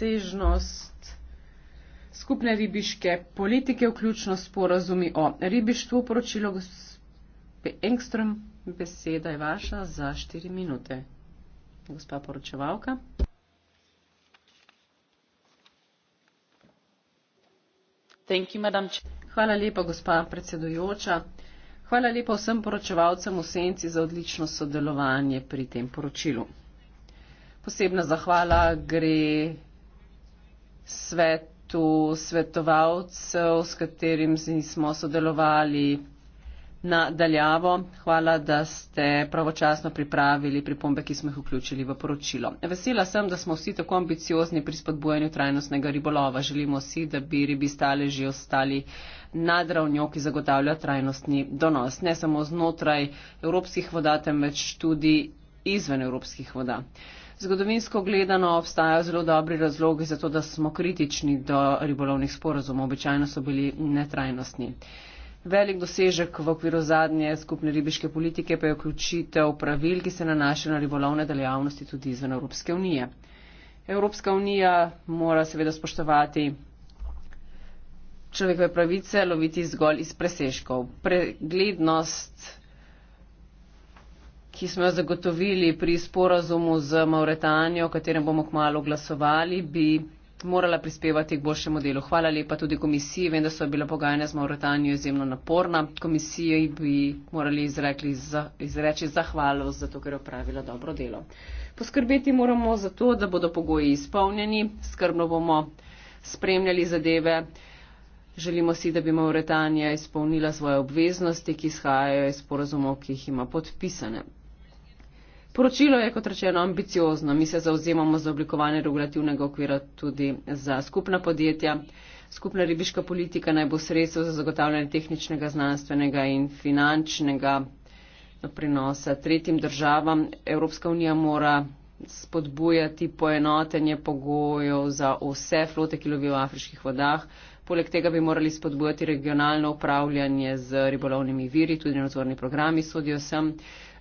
obsežnost skupne ribiške politike, vključno s porazumi o ribištvu, poročilo gospe Engström, beseda je vaša za štiri minute. Gospa poročevalka. Hvala lepa, gospa predsedujoča. Hvala lepa vsem poročevalcem v Senci za odlično sodelovanje pri tem poročilu. Posebna zahvala gre svetu svetovalcev, s katerim smo sodelovali nadaljavo. Hvala, da ste pravočasno pripravili pripombe, ki smo jih vključili v poročilo. Vesela sem, da smo vsi tako ambiciozni pri spodbujanju trajnostnega ribolova. Želimo si, da bi ribi stale že ostali nad ravnjo, ki zagotavlja trajnostni donos. Ne samo znotraj evropskih voda, temveč tudi izven evropskih voda. Zgodovinsko gledano obstajajo zelo dobri razlogi za to, da smo kritični do ribolovnih sporazumov. Običajno so bili netrajnostni. Velik dosežek v okviru zadnje skupne ribiške politike pa je vključitev pravil, ki se nanašajo na ribolovne delavnosti tudi izven Evropske unije. Evropska unija mora seveda spoštovati človekove pravice, loviti zgolj iz preseškov. Preglednost ki smo jo zagotovili pri sporazumu z Mauretanijo, o katerem bomo kmalo glasovali, bi morala prispevati k boljšemu delu. Hvala lepa tudi komisiji. Vem, da so bila pogajanja z Mauretanijo izjemno naporna. Komisiji bi morali izrekli za, izreči zahvalo za to, ker je opravila dobro delo. Poskrbeti moramo za to, da bodo pogoji izpolnjeni. Skrbno bomo spremljali zadeve. Želimo si, da bi Mauretanija izpolnila svoje obveznosti, ki izhajajo iz sporozumov, ki jih ima podpisane. Poročilo je, kot rečeno, ambiciozno. Mi se zauzemamo za oblikovanje regulativnega okvira tudi za skupna podjetja. Skupna ribiška politika naj bo sredstvo za zagotavljanje tehničnega, znanstvenega in finančnega prinosa tretjim državam. Evropska unija mora spodbujati poenotenje pogojev za vse flote, ki lovijo v afriških vodah. Poleg tega bi morali spodbujati regionalno upravljanje z ribolovnimi viri, tudi nadzorni programi sodijo sem.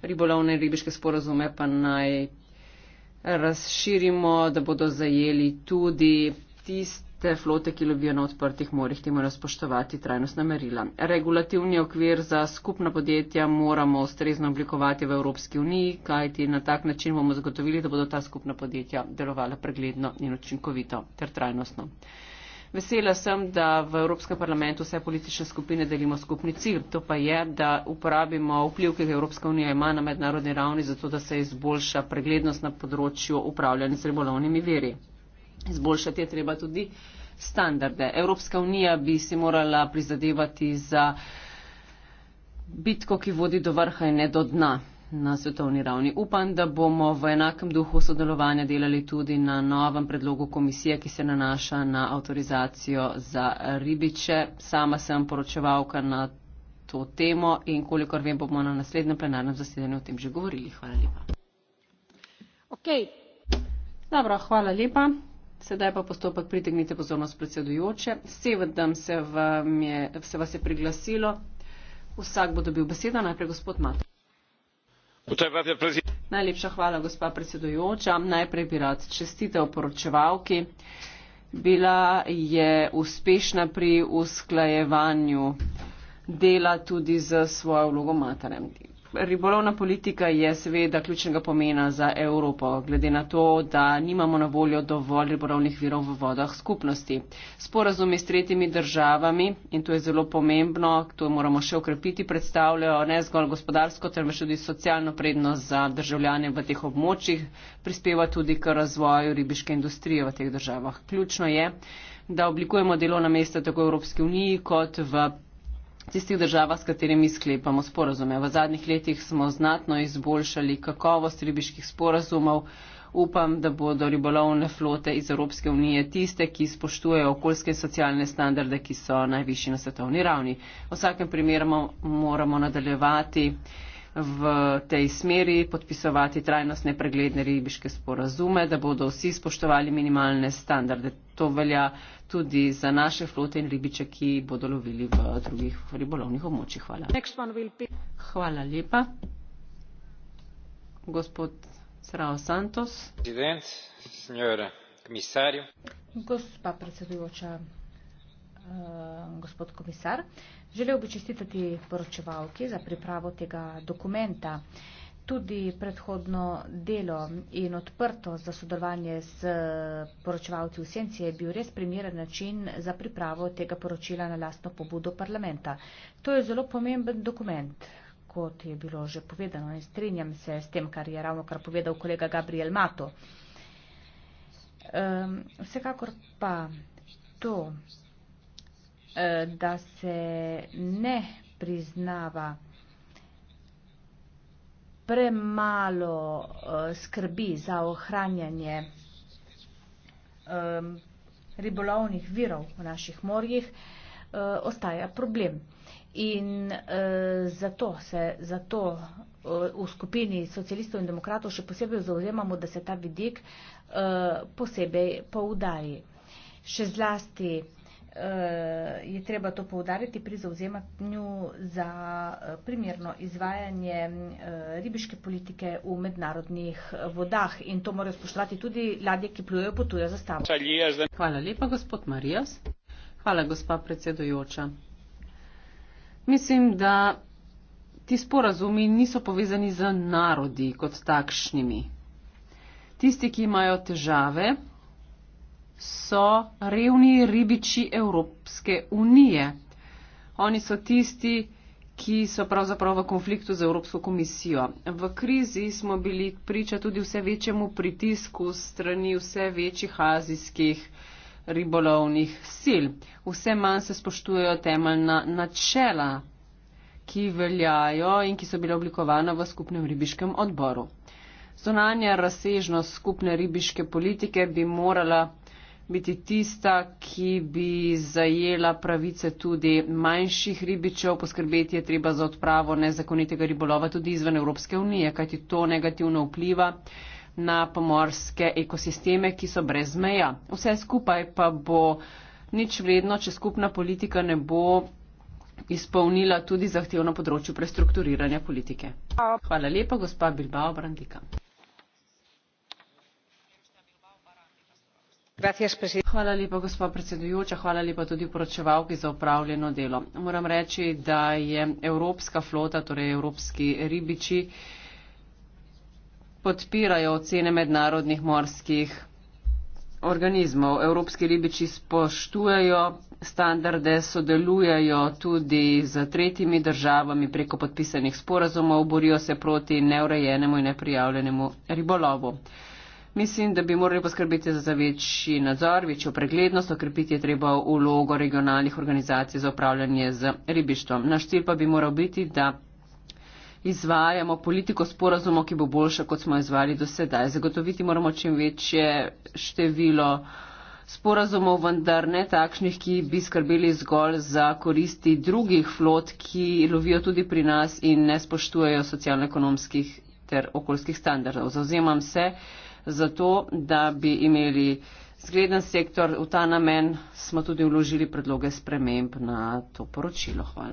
Ribolovne ribiške sporozume pa naj razširimo, da bodo zajeli tudi tiste flote, ki lobijo na odprtih morjih, ki morajo spoštovati trajnostna merila. Regulativni okvir za skupna podjetja moramo ustrezno oblikovati v Evropski uniji, kajti na tak način bomo zagotovili, da bodo ta skupna podjetja delovala pregledno in učinkovito ter trajnostno. Vesela sem, da v Evropskem parlamentu vse politične skupine delimo skupni cilj. To pa je, da uporabimo vpliv, ki ga Evropska unija ima na mednarodni ravni, zato da se izboljša preglednost na področju upravljanja z ribolovnimi veri. Izboljšati je treba tudi standarde. Evropska unija bi si morala prizadevati za bitko, ki vodi do vrha in ne do dna na svetovni ravni. Upam, da bomo v enakem duhu sodelovanja delali tudi na novem predlogu komisije, ki se nanaša na avtorizacijo za ribiče. Sama sem poročevalka na to temo in kolikor vem, bomo na naslednjem plenarnem zasedanju o tem že govorili. Hvala lepa. Okay. Dobro, hvala lepa. Sedaj pa postopek pritegnite pozornost predsedujoče. Sevedem se, je, se vas je priglasilo. Vsak bo dobil besedo, najprej gospod Matov najlepša hvala gospa predsedujoča najprej bi rad čestitev poročevalki bila je uspešna pri usklajevanju dela tudi z svojo vlogo materem. Ribolovna politika je seveda ključnega pomena za Evropo, glede na to, da nimamo na voljo dovolj ribolovnih virov v vodah skupnosti. Sporazumi s tretjimi državami, in to je zelo pomembno, to moramo še okrepiti, predstavljajo ne zgolj gospodarsko, temveč tudi socialno prednost za državljane v teh območjih, prispeva tudi k razvoju ribiške industrije v teh državah. Ključno je, da oblikujemo delovna mesta tako v Evropski uniji kot v tistih država, s katerimi sklepamo sporazume. V zadnjih letih smo znatno izboljšali kakovost ribiških sporazumov. Upam, da bodo ribolovne flote iz Evropske unije tiste, ki spoštujejo okoljske in socialne standarde, ki so najvišji na svetovni ravni. V vsakem primeru moramo nadaljevati v tej smeri, podpisovati trajnostne pregledne ribiške sporazume, da bodo vsi spoštovali minimalne standarde. To velja tudi za naše flote in ribiče, ki bodo lovili v drugih ribolovnih območjih. Hvala. Hvala lepa. Gospod Srao Santos. Prezident, senjora komisarju. Gospa predsedujoča, eh, gospod komisar, želel bi čestitati poročevalki za pripravo tega dokumenta tudi predhodno delo in odprto za sodelovanje s eh, poročevalci v senci je bil res primeren način za pripravo tega poročila na lastno pobudo parlamenta. To je zelo pomemben dokument, kot je bilo že povedano in strinjam se s tem, kar je ravno kar povedal kolega Gabriel Mato. Ehm, vsekakor pa to, eh, da se ne priznava premalo uh, skrbi za ohranjanje um, ribolovnih virov v naših morjih, uh, ostaja problem. In uh, zato se zato uh, v skupini socialistov in demokratov še posebej zauzemamo, da se ta vidik uh, posebej poudari. Še zlasti Eh, je treba to poudariti pri zauzemanju za eh, primerno izvajanje eh, ribiške politike v mednarodnih vodah. In to morajo spoštovati tudi ladje, ki plujejo po tujo zastavo. Hvala lepa, gospod Marijas. Hvala, gospa predsedujoča. Mislim, da ti sporazumi niso povezani z narodi kot takšnimi. Tisti, ki imajo težave, so revni ribiči Evropske unije. Oni so tisti, ki so pravzaprav v konfliktu z Evropsko komisijo. V krizi smo bili priča tudi vse večjemu pritisku strani vse večjih azijskih ribolovnih sil. Vse manj se spoštujejo temeljna načela, ki veljajo in ki so bila oblikovana v skupnem ribiškem odboru. Zonanja razsežnost skupne ribiške politike bi morala biti tista, ki bi zajela pravice tudi manjših ribičev. Poskrbeti je treba za odpravo nezakonitega ribolova tudi izven Evropske unije, kajti to negativno vpliva na pomorske ekosisteme, ki so brez meja. Vse skupaj pa bo nič vredno, če skupna politika ne bo izpolnila tudi zahtevno področju prestrukturiranja politike. Hvala lepa, gospa Bilbao Brandika. gospa predsedujoča hvala lepa tudi poročevalki za opravljeno delo. moram reči da je evropska flota torej evropski ribiči podpirajo ocene mednarodnih morskih organizmov evropski ribiči spoštujejo standarde sodelujejo tudi z tretjimi državami preko podpisanih sporazumov borijo se proti neurejenemu in neprijavljenemu ribolovu. Mislim, da bi morali poskrbeti za večji nadzor, večjo preglednost, okrepiti je treba ulogo regionalnih organizacij za upravljanje z ribištvom. Naš cilj pa bi moral biti, da izvajamo politiko sporazumov, ki bo boljša, kot smo izvali do sedaj. Zagotoviti moramo čim večje število sporazumov, vendar ne takšnih, ki bi skrbeli zgolj za koristi drugih flot, ki lovijo tudi pri nas in ne spoštujejo socialno-ekonomskih ter okoljskih standardov. Zauzemam se, zato, da bi imeli zgleden sektor. V ta namen smo tudi vložili predloge sprememb na to poročilo. Hvala.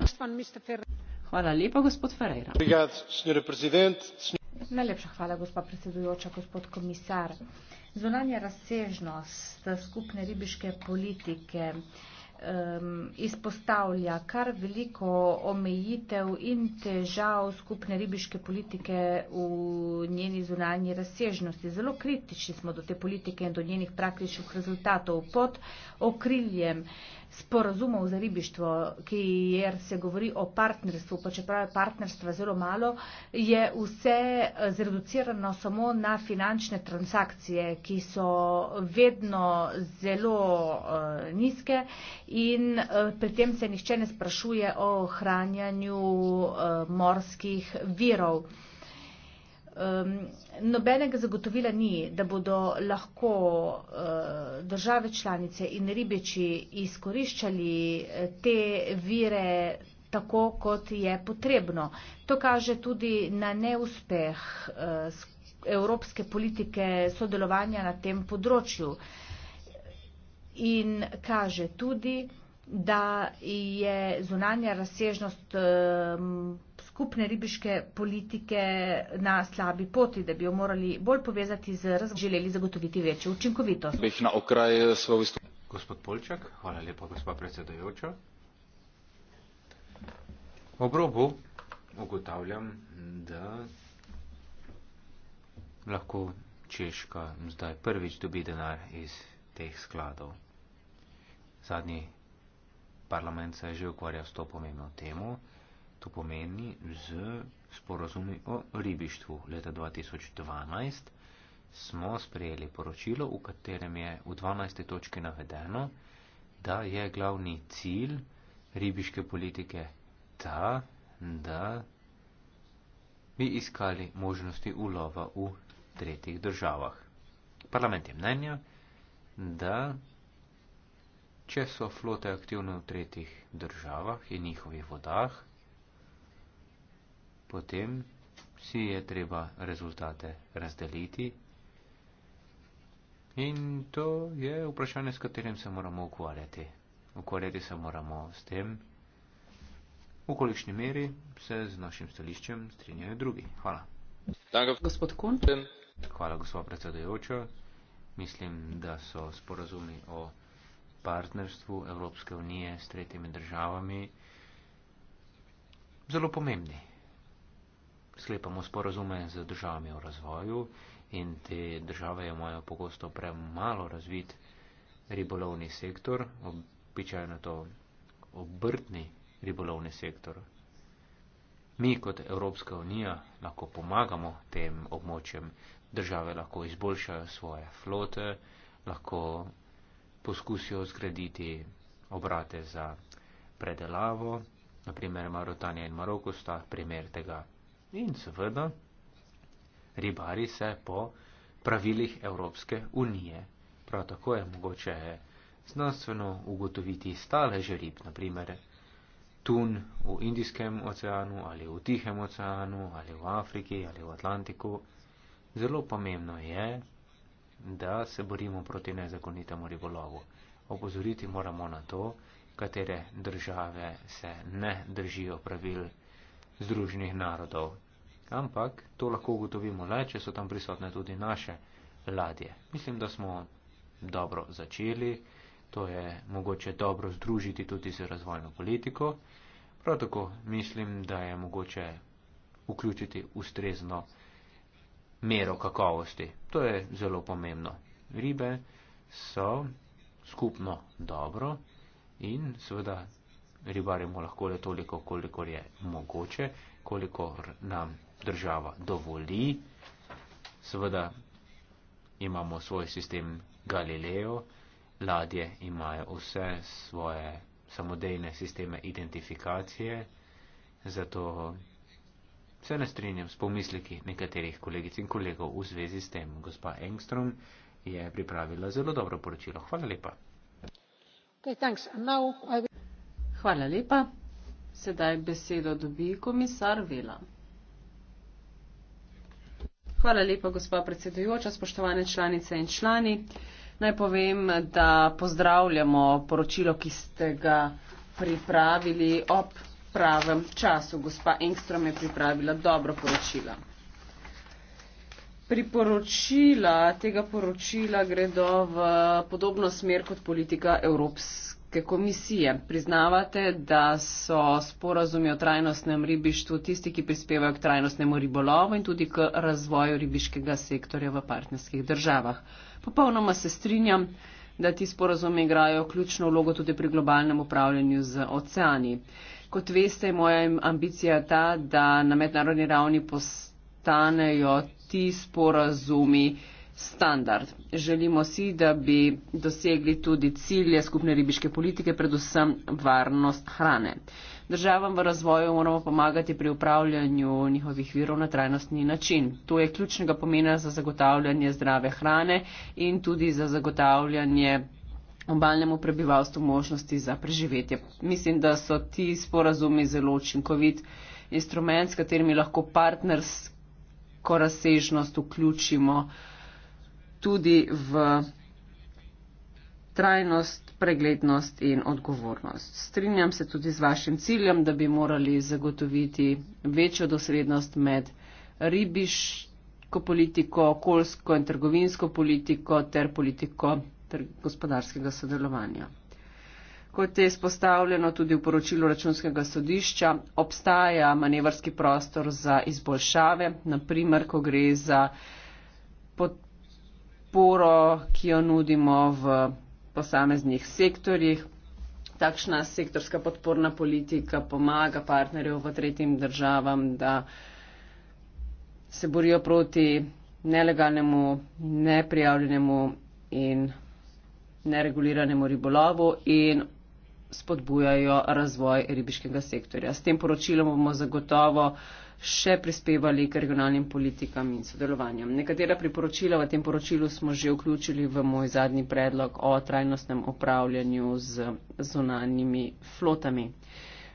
Hvala lepa, gospod Ferreira. Najlepša hvala, gospod predsedujoča, gospod komisar. Zunanja razsežnost skupne ribiške politike um, izpostavlja kar veliko omejitev in težav skupne ribiške politike v njeni zunanji razsežnosti. Zelo kritični smo do te politike in do njenih praktičnih rezultatov pod okriljem sporazumov za ribištvo, kjer se govori o partnerstvu, pa čeprav je partnerstva zelo malo, je vse zreducirano samo na finančne transakcije, ki so vedno zelo uh, nizke in eh, pri tem se nišče ne sprašuje o ohranjanju eh, morskih virov. Nobenega zagotovila ni, da bodo lahko eh, države članice in ribiči izkoriščali te vire tako, kot je potrebno. To kaže tudi na neuspeh evropske politike sodelovanja na tem področju in kaže tudi, da je zunanja razsežnost skupne ribiške politike na slabi poti, da bi jo morali bolj povezati z razvojem, želeli zagotoviti večjo učinkovitost. Gospod Polčak, hvala lepa, gospod predsedajoča. Ob robu ugotavljam, da lahko Češka zdaj prvič dobi denar iz teh skladov. Zadnji parlament se je že ukvarjal s to pomembno temo, to pomeni z sporozumi o ribištvu. Leta 2012 smo sprejeli poročilo, v katerem je v 12. točki navedeno, da je glavni cilj ribiške politike ta, da bi iskali možnosti ulova v tretjih državah. Parlament je mnenja, da če so flote aktivne v tretjih državah in njihovih vodah, potem si je treba rezultate razdeliti. In to je vprašanje, s katerim se moramo ukvarjati. Ukvarjati se moramo s tem, v kolikšni meri se z našim stališčem strinjajo drugi. Hvala. Gospod Kunten. Hvala, gospod predsedujoča. Mislim, da so sporazumi o partnerstvu Evropske unije s tretjimi državami zelo pomembni. Sklepamo sporazume z državami o razvoju in te države imajo pogosto premalo razvit ribolovni sektor, običajno to obrtni ribolovni sektor. Mi kot Evropska unija lahko pomagamo tem območjem, države lahko izboljšajo svoje flote, lahko poskusijo zgraditi obrate za predelavo, naprimer Marotanja in Maroko sta primer tega. In seveda ribari se po pravilih Evropske unije. Prav tako je mogoče znanstveno ugotoviti stale že rib, naprimer tun v Indijskem oceanu ali v Tihem oceanu ali v Afriki ali v Atlantiku. Zelo pomembno je, da se borimo proti nezakonitemu ribolovu. Opozoriti moramo na to, katere države se ne držijo pravil združenih narodov. Ampak to lahko ugotovimo le, če so tam prisotne tudi naše ladje. Mislim, da smo dobro začeli, to je mogoče dobro združiti tudi z razvojno politiko. Prav tako mislim, da je mogoče vključiti ustrezno mero kakovosti. To je zelo pomembno. Ribe so skupno dobro in seveda ribarimo lahko le toliko, koliko je mogoče, koliko nam država dovoli. Seveda imamo svoj sistem Galileo, ladje imajo vse svoje samodejne sisteme identifikacije, zato Se ne strinjam s pomisliki nekaterih kolegic in kolegov v zvezi s tem. Gospa Engström je pripravila zelo dobro poročilo. Hvala lepa. Okay, will... Hvala lepa. Sedaj besedo dobi komisar Vela. Hvala lepa, gospa predsedujoča, spoštovane članice in člani. Naj povem, da pozdravljamo poročilo, ki ste ga pripravili ob pravem času. Gospa Engstrom je pripravila dobro poročilo. Priporočila tega poročila gredo v podobno smer kot politika Evropske komisije. Priznavate, da so sporazumi o trajnostnem ribištvu tisti, ki prispevajo k trajnostnemu ribolovu in tudi k razvoju ribiškega sektorja v partnerskih državah. Popolnoma se strinjam, da ti sporazumi igrajo ključno vlogo tudi pri globalnem upravljanju z oceani. Kot veste, je moja ambicija ta, da na mednarodni ravni postanejo ti sporazumi standard. Želimo si, da bi dosegli tudi cilje skupne ribiške politike, predvsem varnost hrane. Državam v razvoju moramo pomagati pri upravljanju njihovih virov na trajnostni način. To je ključnega pomena za zagotavljanje zdrave hrane in tudi za zagotavljanje obaljnemu prebivalstvu možnosti za preživetje. Mislim, da so ti sporazumi zelo učinkovit instrument, s katerimi lahko partnersko razsežnost vključimo tudi v trajnost, preglednost in odgovornost. Strinjam se tudi z vašim ciljem, da bi morali zagotoviti večjo doslednost med ribiško politiko, okoljsko in trgovinsko politiko ter politiko ter gospodarskega sodelovanja. Kot je izpostavljeno tudi v poročilu računskega sodišča, obstaja manevrski prostor za izboljšave, naprimer, ko gre za podporo, ki jo nudimo v posameznih sektorjih. Takšna sektorska podporna politika pomaga partnerjev v tretjim državam, da se borijo proti nelegalnemu, neprijavljenemu in nereguliranemu ribolovu in spodbujajo razvoj ribiškega sektorja. S tem poročilom bomo zagotovo še prispevali k regionalnim politikam in sodelovanjem. Nekatera priporočila v tem poročilu smo že vključili v moj zadnji predlog o trajnostnem upravljanju z zunanjimi flotami.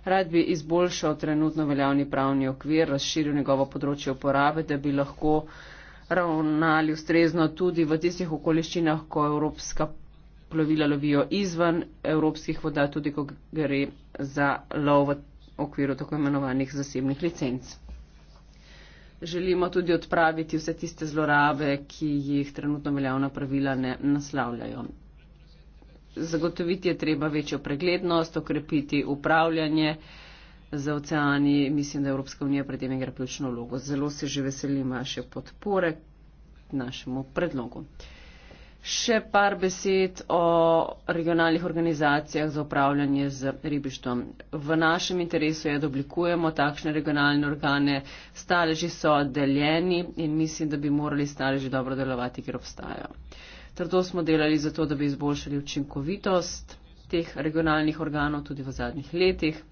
Rad bi izboljšal trenutno veljavni pravni okvir, razširil njegovo področje uporabe, da bi lahko ravnali ustrezno tudi v tistih okoliščinah, ko Evropska plovila lovijo izvan evropskih voda, tudi ko gre za lov v okviru tako imenovanih zasebnih licenc. Želimo tudi odpraviti vse tiste zlorabe, ki jih trenutno veljavna pravila ne naslavljajo. Zagotoviti je treba večjo preglednost, okrepiti upravljanje za oceani. Mislim, da Evropska unija pred tem igra ključno vlogo. Zelo se že veselim vaše podpore našemu predlogu. Še par besed o regionalnih organizacijah za upravljanje z ribištvom. V našem interesu je, da oblikujemo takšne regionalne organe. Staleži so deljeni in mislim, da bi morali staleži dobro delovati, ker obstajajo. Trdo smo delali za to, da bi izboljšali učinkovitost teh regionalnih organov tudi v zadnjih letih.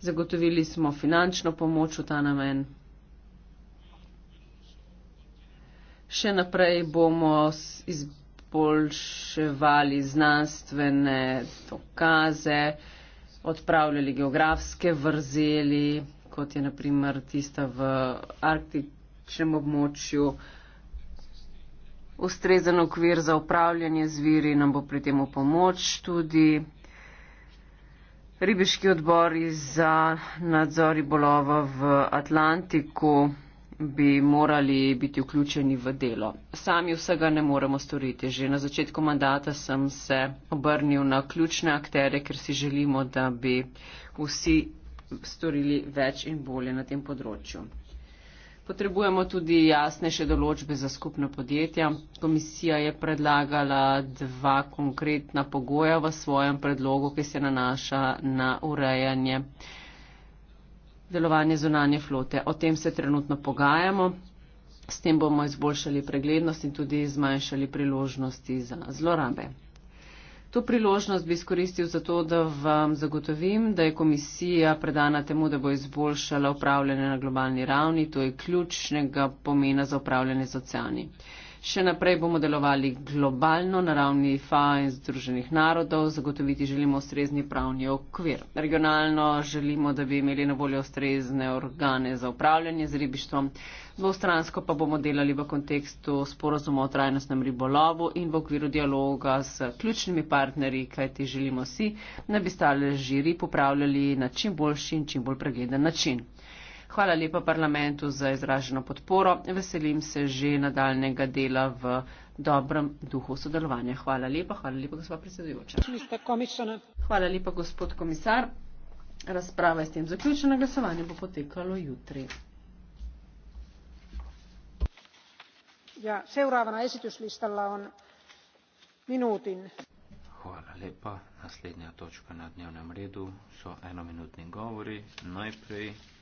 Zagotovili smo finančno pomoč v ta namen. Še naprej bomo izboljševali znanstvene dokaze, odpravljali geografske vrzeli, kot je naprimer tista v arktičnem območju. Ustrezen okvir za upravljanje z viri nam bo pri tem v pomoč tudi ribiški odbori za nadzor ribolova v Atlantiku bi morali biti vključeni v delo. Sami vsega ne moremo storiti. Že na začetku mandata sem se obrnil na ključne akterje, ker si želimo, da bi vsi storili več in bolje na tem področju. Potrebujemo tudi jasnejše določbe za skupno podjetja. Komisija je predlagala dva konkretna pogoja v svojem predlogu, ki se nanaša na urejanje delovanje zunanje flote. O tem se trenutno pogajamo. S tem bomo izboljšali preglednost in tudi zmanjšali priložnosti za zlorabe. To priložnost bi izkoristil zato, da vam zagotovim, da je komisija predana temu, da bo izboljšala upravljanje na globalni ravni. To je ključnega pomena za upravljanje z oceani. Še naprej bomo delovali globalno na ravni FA in Združenih narodov, zagotoviti želimo ustrezni pravni okvir. Regionalno želimo, da bi imeli na voljo ustrezne organe za upravljanje z ribištvom, dvostransko pa bomo delali v kontekstu sporozuma o trajnostnem ribolovu in v okviru dialoga s ključnimi partnerji, kajti želimo si, da bi stale žiri popravljali na čim boljši in čim bolj pregleden način. Hvala lepa parlamentu za izraženo podporo. Veselim se že nadaljnega dela v dobrem duhu sodelovanja. Hvala lepa, hvala lepa, gospod predsedujoča. Hvala lepa, gospod komisar. Razprava je s tem zaključena, glasovanje bo potekalo jutri. Ja, seuravna esitjuslistala on minutin. Hvala lepa. Naslednja točka na dnevnem redu so enominutni govori. Najprej